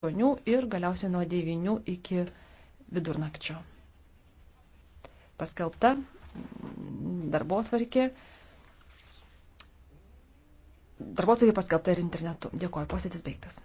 8 ir galiausiai nuo 9 iki vidurnakčio. Paskelbta darbotvarkė. Darbotvarkė paskelbta ir internetu. Dėkuoju, posėdis baigtas.